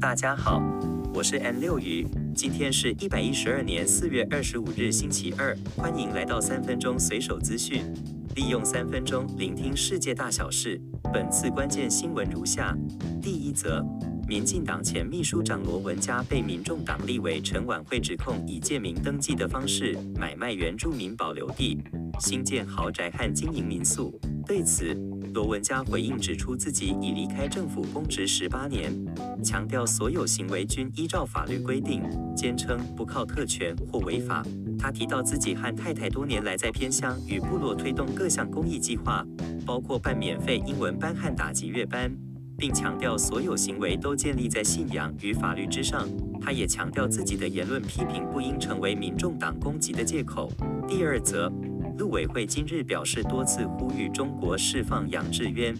大家好，我是 M 六魚，今天是一百一十二年四月二十五日星期二，歡迎來到三分鐘隨手資訊，利用三分鐘聆聽世界大小事。本次關鍵新聞如下：第一則，民進黨前秘書長羅文嘉被民眾黨立委陳琬惠指控以借名登記的方式買賣原住民保留地。新建豪宅和經營民宿。對此，羅文嘉回應指出，自己已離開政府公職十八年，強調所有行為均依照法律規定，堅稱不靠特權或違法。他提到自己和太太多年來在偏鄉與部落推動各項公益計劃，包括辦免費英文班和打擊樂班，並強調所有行為都建立在信仰與法律之上。他也強調自己的言論批評不應成為民眾黨攻擊的借口。第二則。陸委會今日表示，多次呼籲中國釋放楊智淵，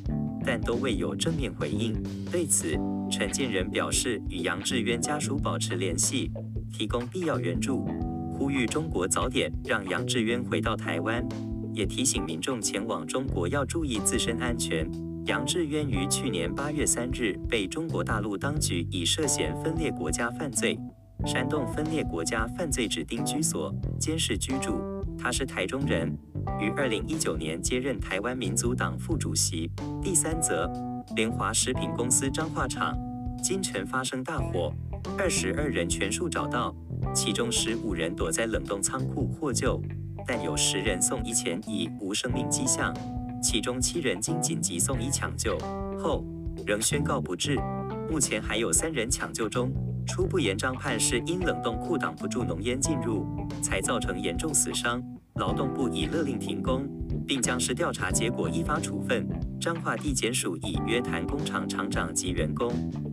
但都未有正面回應。對此，陳建仁表示，與楊智淵家屬保持聯繫，提供必要援助，呼籲中國早點讓楊智淵回到台灣，也提醒民眾前往中國要注意自身安全。楊智淵於去年八月三日被中國大陸當局以涉嫌分裂國家犯罪、煽動分裂國家犯罪指定居所監視居住。他是台中人，於二零一九年接任台灣民族黨副主席。第三則，聯華食品公司彰化廠今晨發生大火，二十二人全數找到，其中十五人躲在冷凍倉庫獲救，但有十人送醫前已無生命跡象，其中七人經緊，緊急送醫搶救後仍宣告不治，目前還有三人搶救中。初步研判是因冷凍庫擋不住濃煙進入，才造成嚴重死傷。勞動部已勒令停工，並將視調查結果依法處分。彰化地檢署已約談工廠廠長及員工，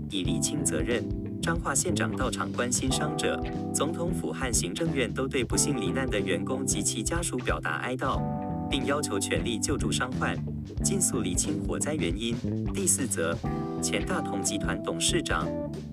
以釐清責任。彰化縣長到場關心傷者，總統府和行政院都對不幸罹難的員工及其家屬表達哀悼。並要求全力救助傷患，盡速理清火災原因。第四則，前大同集團董事長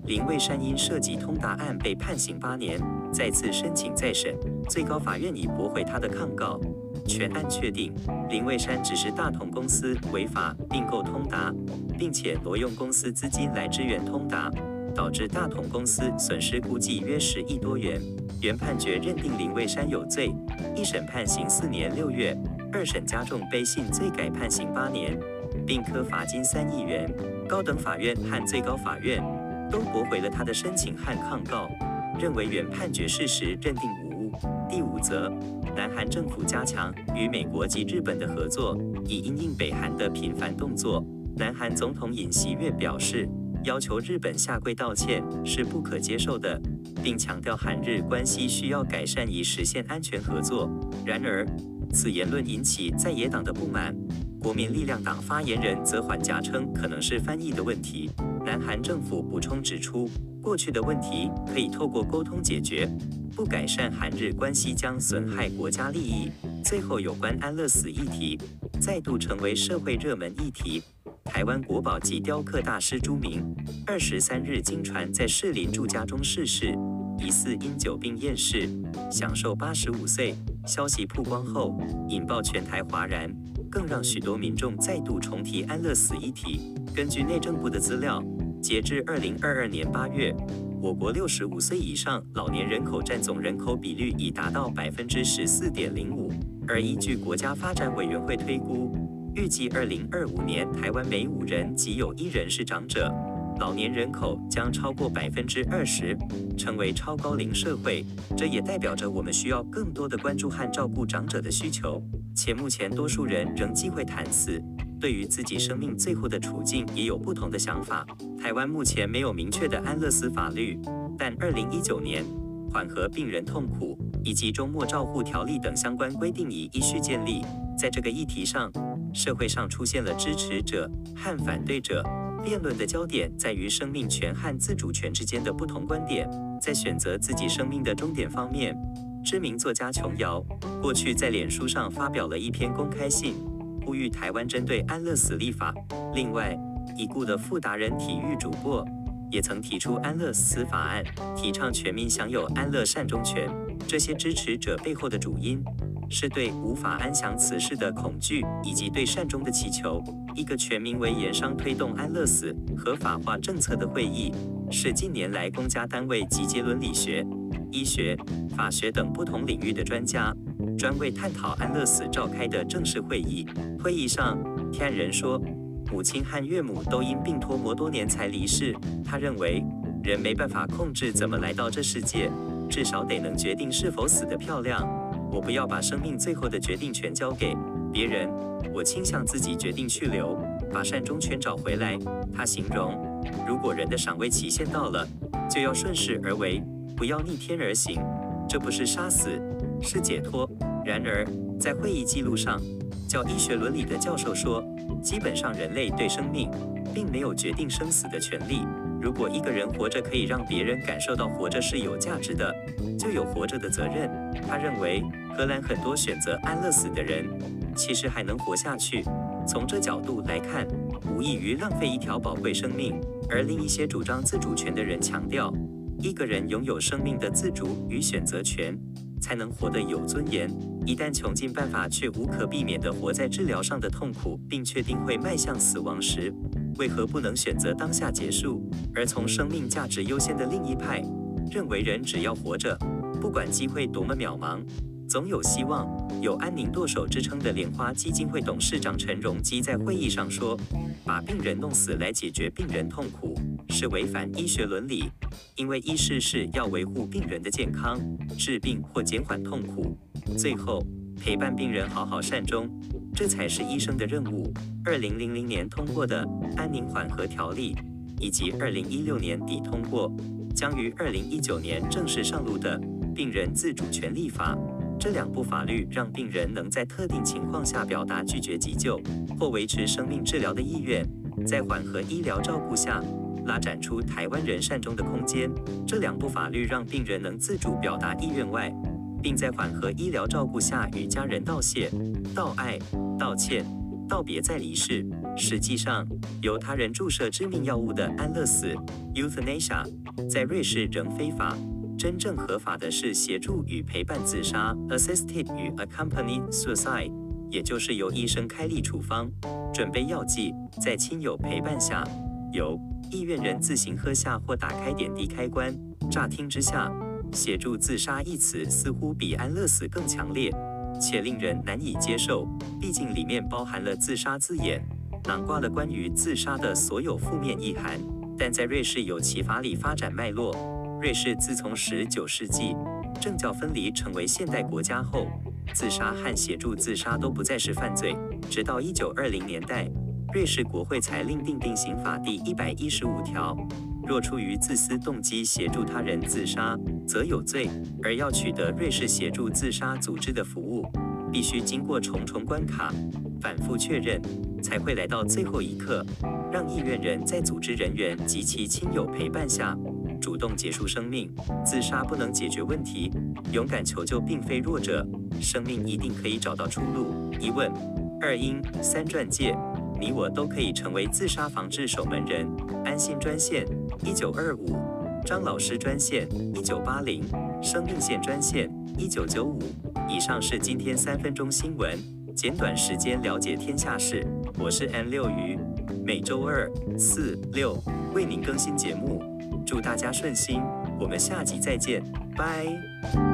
林蔚山因涉及通達案被判刑八年，再次申請再審，最高法院已駁回他的抗告，全案確定。林蔚山只是大同公司違法併購通達，並且挪用公司資金來支援通達，導致大同公司損失估計約十億多元。原判決認定林蔚山有罪，一審判刑四年六月。二審加重，背信罪改判刑八年，併科罰金三億元。高等法院和最高法院都駁回了他的申請和抗告，認為原判決事實認定無誤。第五則，南韓政府加強與美國及日本的合作，以因應北韓的頻繁動作。南韓總統尹錫悅表示，要求日本下跪道歉是不可接受的，並強調韓日關係需要改善以實現安全合作。然而，此言論引起在野黨的不滿，國民力量黨發言人則緩頰稱，可能是翻譯的問題。南韓政府補充指出，過去的問題可以透過溝通解決，不改善韓日關係將損害國家利益。最後，有關安樂死議題再度成為社會熱門議題。台灣國寶級雕刻大師朱銘二十三日驚傳在士林住家中逝世，疑似因久病厭世，享壽八十五歲。消息曝光後，引爆全台嘩然，更讓許多民眾再度重提安樂死議題。根據內政部的資料，截至二零二二年八月，我國六十五歲以上老年人口占總人口比率已達到百分之十四點零五，而依據國家發展委員會推估，預計二零二五年，台灣每五人即有一人是長者。老年人口將超過百分之二十，成為超高齡社會。這也代表着我們需要更多的關注和照顧長者的需求。且目前多數人仍忌諱談死，對於自己生命最後的處境也有不同的想法。台灣目前沒有明確的安樂死法律，但二零一九年緩和病人痛苦以及周末照護條例等相關規定已依序建立。在這個議題上，社會上出現了支持者和反對者。辯論的焦點在於生命權和自主權之間的不同觀點，在選擇自己生命的終點方面，知名作家瓊瑤過去在臉書上發表了一篇公開信，呼籲台灣針對安樂死立法。另外，已故的傅達仁體育主播也曾提出安樂死法案，提倡全民享有安樂善終權。這些支持者背後的主因。是對無法安詳辭世的恐懼，以及對善終的祈求。一個全名為“研商推動安樂死合法化政策”的會議，是近年來公家單位集結倫理學、醫學、法學等不同領域的專家，專為探討安樂死召開的正式會議。會議上，天人說，母親和岳母都因病拖磨多年才離世。他認為，人沒辦法控制怎麼來到這世界，至少得能決定是否死得漂亮。我不要把生命最後的決定權交給別人，我傾向自己決定去留，把善終權找回來。他形容，如果人的賞味期限到了，就要順勢而為，不要逆天而行，這不是殺死，是解脫。然而，在會議記錄上，教醫學倫理的教授說，基本上人類對生命並沒有決定生死的權利。如果一個人活着可以讓別人感受到活着是有價值的，就有活着的責任。他認為，荷蘭很多選擇安樂死的人其實還能活下去。從這角度來看，無異於浪費一條寶貴生命。而另一些主張自主權的人強調，一個人擁有生命的自主與選擇權，才能活得有尊嚴。一旦窮盡辦法卻無可避免地活在治療上的痛苦，並確定會邁向死亡時，為何不能選擇當下結束？而從生命價值優先的另一派認為，人只要活着，不管機會多麼渺茫，總有希望。有“安寧舵手”之稱的蓮花基金會董事長陳榮基在會議上說：“把病人弄死來解決病人痛苦，是違反醫學倫理，因為醫師是要維護病人的健康、治病或減緩痛苦，最後陪伴病人好好善終。”這才是醫生的任務。二零零零年通過的《安寧緩和條例》，以及二零一六年底通過、將於二零一九年正式上路的《病人自主權利法》，這兩部法律讓病人能在特定情況下表達拒絕急救或維持生命治療的意願，在緩和醫療照顧下拉展出台灣人善終的空間。這兩部法律讓病人能自主表達意願外，並在緩和醫療照顧下與家人道謝、道愛、道歉、道別，再離世。實際上，由他人注射致命藥物的安樂死 （euthanasia） 在瑞士仍非法。真正合法的是協助與陪伴自殺 （assisted 與 accompanied suicide），也就是由醫生開立處方、準備藥劑，在親友陪伴下，由意願人自行喝下或打開點滴開關。乍聽之下，協助自殺一詞似乎比安樂死更強烈，且令人難以接受，畢竟裡面包含了自殺字眼，囊括了關於自殺的所有負面意涵。但在瑞士有其法理發展脈絡，瑞士自從19世紀政教分離成為現代國家後，自殺和協助自殺都不再是犯罪。直到1920年代，瑞士國會才另訂定刑法第一百一十五條，若出於自私動機協助他人自殺，則有罪。而要取得瑞士協助自殺組織的服務，必須經過重重關卡，反覆確認，才會來到最後一刻，讓意願人在組織人員及其親友陪伴下，主動結束生命。自殺不能解決問題，勇敢求救並非弱者，生命一定可以找到出路。一問二應三轉介，你我都可以成為自殺防治守門人。安心專線。一九二五，張老師專線；一九八零，生命線專線；一九九五。以上是今天三分鐘新聞，簡短時間了解天下事。我是 N 六魚，每周二、四、六為您更新節目。祝大家順心，我們下集再見，拜。